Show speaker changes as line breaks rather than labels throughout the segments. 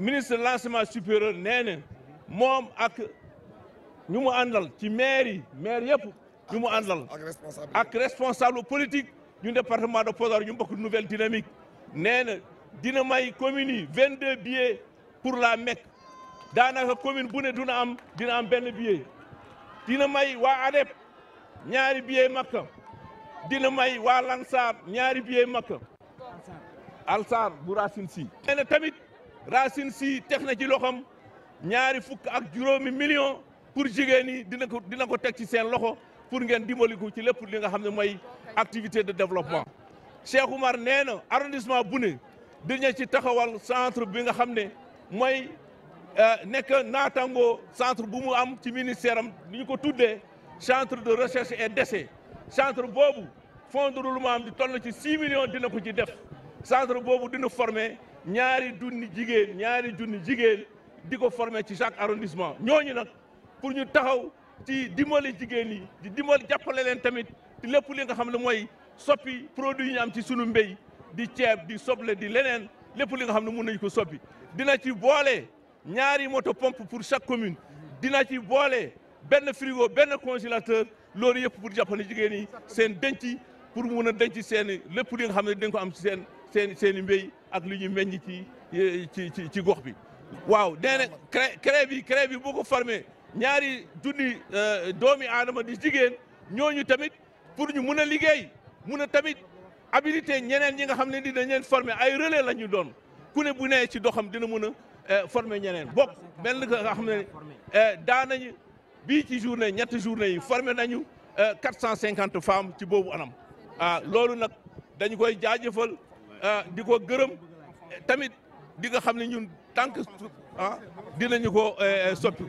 ministre de l' supérieur nee mom ak ñu mu àndal ci maire yi maire yëpp andal ak responsable ak responsable politique ñu département de Podor ñu bokk nouvelle dynamique nee dina may commune 22 billets pour la mec daanaka commune bu ne dina am dina am benn billet dina may wa ADEP ñaari billets Makka dina may wa Lansar ñaari billets Makka Alsar bu Racine si nee tamit Racine si teg na ci loxoom ñaari fukk ak juróomi million pour jigéen ñi dina ko dina ko teg ci seen loxo pour ngeen dimbali ko ci lépp li nga xam ne mooy activité de développement. Cheikh mar nee na arrondissement bu ne dina ci taxawal centre bi nga xam ne mooy euh, nekk naataango centre bu mu am ci ministère am ni ñu ko tuddee centre de recherche et d'essai centre boobu fonds lu mu am di toll na ci 6 million dina ko ci def centre boobu dina former. ñaari junni jigéen ñaari junni jigéen di ko former ci chaque arrondissement ñooñu nag pour ñu taxaw ci dimbali jigéen yi di dimbali jàppale leen tamit ci lépp li nga xam ne mooy soppi produit yi ñu ci sunu mbéy di ceeb di soble di leneen lépp li nga xam ne mun nañu ko soppi. dina ci boole ñaari moto pompe pour chaque commune dina ci boole benn frigo benn congélateur loolu yëpp pour jàppale jigéen yi seen denc pour mun a denc seen lépp li nga xam ne dañ ko am ci seen seen seen i ak lu ñu meññ ci ci ci gox bi. waaw nee na CREC CREC bi CREC bi boo ko formé ñaari junni euh, doomi aadama di jigéen ñooñu tamit pour ñu mun a liggéey mun a tamit habilité ñeneen ñi nga xam ne dinañ leen formé ay relais la ñu doon ku ne bu nee ci doxam dina mun a euh, formé ñeneen bokk benn nga xam ne euh, daanañu bii ci journée ñetti journée yi formé nañu cinquante femmes ci boobu anam ah loolu nag dañu koy jaajëfal. Ah, di ko gërëm tamit di nga xam ne ñun tànk ah dinañu ko eh, eh, soppi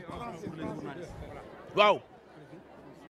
waaw